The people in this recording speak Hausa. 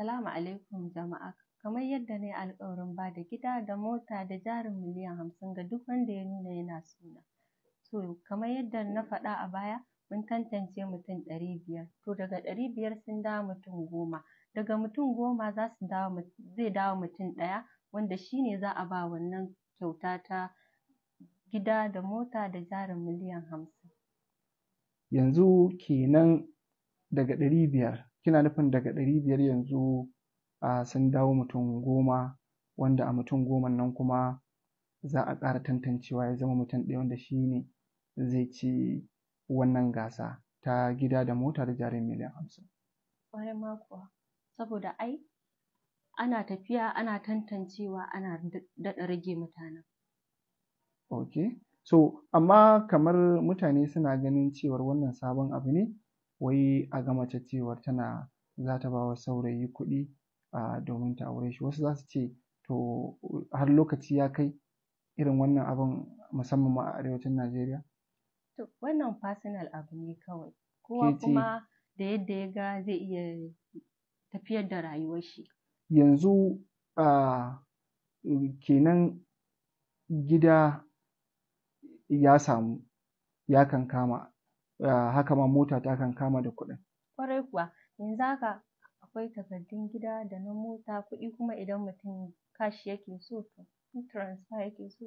Assalamu alaikum jama'a. Kamar yadda na yi alƙawarin ba da gida da mota da jarin miliyan hamsin ga duk wanda ya nuna yana suna. To kamar yadda na faɗa a baya mun tantance mutum ɗari biyar. To daga ɗari biyar sun dawo mutum goma. Daga mutum goma za su dawo zai dawo mutum ɗaya wanda shi ne za a ba wannan kyauta ta gida da mota da jarin miliyan hamsin. Yanzu kenan daga ɗari biyar kina nufin daga ɗari biyar yanzu a sun dawo mutum goma wanda a mutum goman nan kuma za a ƙara tantancewa ya zama mutum ɗaya wanda shi ne zai ci wannan gasa ta gida da mota da jarin miliyan hamsin. Bayan mako saboda ai ana tafiya ana tantancewa ana daɗa rage mutanen. Ok, so amma kamar mutane suna ganin cewar wannan sabon abu ne wai a ga mace cewar tana za ta ba wa saurayi kuɗi domin ta aure shi wasu za su ce to har lokaci ya kai irin wannan abin musamman ma a arewacin Najeriya? To wannan personal abu ne kawai kowa kuma da yadda ya ga zai iya tafiyar da rayuwar shi. Yanzu a kenan gida ya samu ya kankama Ah, haka ma mota ta kan kama da kuɗin. Kwarai kuwa yanzu haka akwai takardun gida da na mota kuɗi kuma idan mutum kashi yake so to transfer yake so.